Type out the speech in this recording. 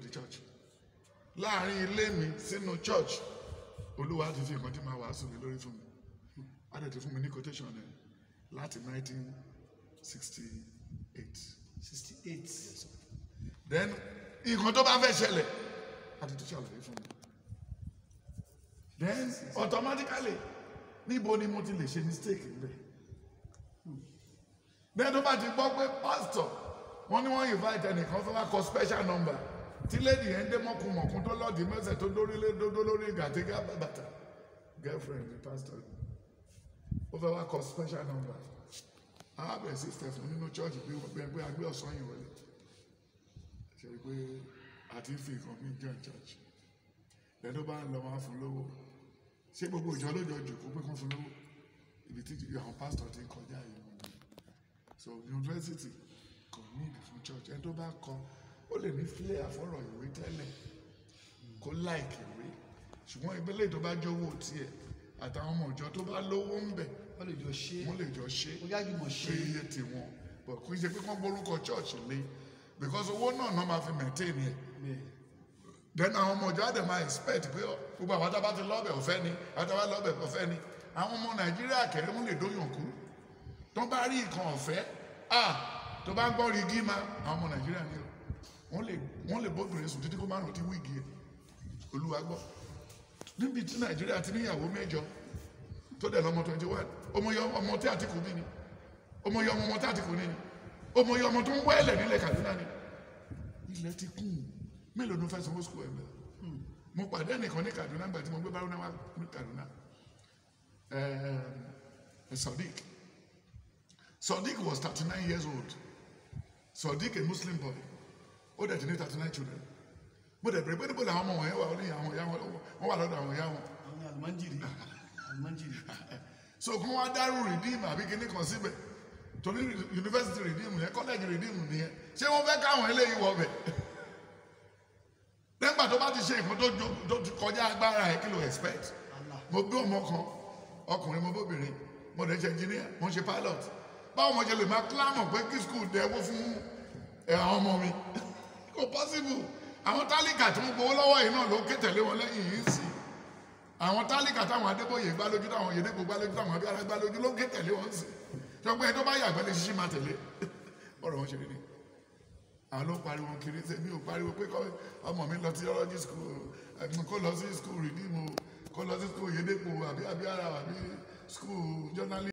to the church láàrin ilé mi sínú church olúwa ti fi nǹkan tí máa wàásù mi lórí fún mi adé ti fún mi ní quotation rẹ láti nineteen sixty eight. sixty eight. then nǹkan tó bá fẹ́ ṣẹlẹ̀ adé ti ṣàlàyé fún mi then automatically níbo ni mo ti lè ṣe mistake níbẹ̀ then tó bá ti gbọ́ pé pastor wọ́n ní wọ́n invite ẹnìkan fẹ́ wá kọ special number tí lẹ́dì yẹn dé mọ́kùnmọ́kùn tó lọ́ọ̀dì mẹ́sẹ̀ tó dórí lódó lórí gàdégà bàtà girlfriend ni pastor yìí ó fẹ́ wá kọ special number àwọn abẹ̀ sisters mi nínú church bí wọ́n gbé ẹgbẹ́ agbé ọ̀sán yìí wọlé ṣe pé àti fi nǹkan mi jẹ́ church lẹ́nu bá ń lọ máa fún lówó ṣé gbogbo ìjọ lójó jòkó pé kán fún lówó ibi tí àwọn pastor ti kọjá yìí so university kò ní ìdí fún church ẹni tó bá kọ ó lè ní fílẹ̀ àfọ̀rọ̀ ìwé tẹ́lẹ̀ kó láìkì ìwé ṣùgbọ́n ìbílẹ̀ tó bá jówó tiẹ̀ àtàwọn ọmọ ìjọ tó bá lówó ń bẹ̀ wọ́n lè jọ ṣe wọ́n lè jọ ṣe pé iye tiwọn bọ̀ kò ṣe pé kán gbórúkọ church lé because owó náà náà máa fi maintain yẹn then àwọn ọmọ ìjọ àdè máa expect pé oh, gbogbo àwọn àtàbà ti lọ́bẹ̀ ọ̀fẹ́ ni àtàbà lọ́bẹ̀ ọ̀fẹ́ ni àwọn ọmọ nàìjíríà kẹrẹ mú lè dóyàn kú tó bá rí nǹkan ọ̀fẹ́ ah tó bá ń gbọ́ rí gíma àwọn ọmọ nàìjíríà ni o wọ́n lè bóbìnrin sùn títí kó má rántí wíìgì ẹ̀ olúwa gbọ́ níbi tí nàìjíríà ti níyàwó mẹ́jọ tó dẹ̀ lọ́mọ twenty one ọmọ yọ ọmọ tí àtìkù bí ni ọmọ yọ ọmọ ọmọ tí àtìkù ní ni ọmọ yọ ọmọ tó ń wẹ́lẹ̀ nílẹ̀ Kaduna ni ilẹ̀ ti kún mélòó ló fẹ́ sanwó sukùl ẹ̀ mẹ́ta mo pàdé ẹnìkan ní Kaduna gbà tí mo gbé báwọn náà wá ní Kaduna ẹ Sadiq Sadiq was thirty nine years old Sadiq a Muslim boy ó dẹ̀ ti ní thirty nine children mo dẹ̀ bẹ̀rẹ̀ pé níbo làwọn ọmọ wọ̀nyẹn wà ó ní àwọn ìyá wọn wọ́n wà lọ́dọ̀ àwọn ìyá wọn. àwọn àlùmọ́njìrì àlùmọ́njìrì. so kí wọ́n á dárú redeem àbí kíní kan síbẹ̀ torí university redeem yẹn college redeem nìyẹn ṣé wọ́n fẹ́ káwọn eléyìí wọ bẹ̀ nígbà tó bá ti ṣe ìfún tó kọjá agbára ẹ̀ kí ló expect mo gbé ọmọ kan ọkùnrin mo bóbìnrin mo dẹ̀ ṣe engineer mo ṣe pilot báwo mo ṣe lè máa clamor pé kí school dẹ̀ wó fún eh, àwọn ọmọ mi. kò pọ́sibù àwọn tálíkà tí wọ́n gbowó lọ́wọ́ yìí náà ló ké tẹ̀lé wọn lẹ́yìn yìí sí àwọn tálíkà táwọn adébóyè gbá lójú táwọn yèdèkò gbá lójú táwọn abíyára gbá lójú ló ké tẹ̀lé wọn sí ṣọgbọ́n ẹni tó bá yàgbẹ́ lè ṣíṣí máa tẹ̀lé bọ́ọ̀rọ̀ wọn ṣe rí ni àwọn ló pariwo kiri ṣe mi ò pariwo pé ọmọ mi lọ sí theology school kó lọ sí school rìdíìmù kó lọ sí school yèdèkò àbí abíyára àbí school journalism.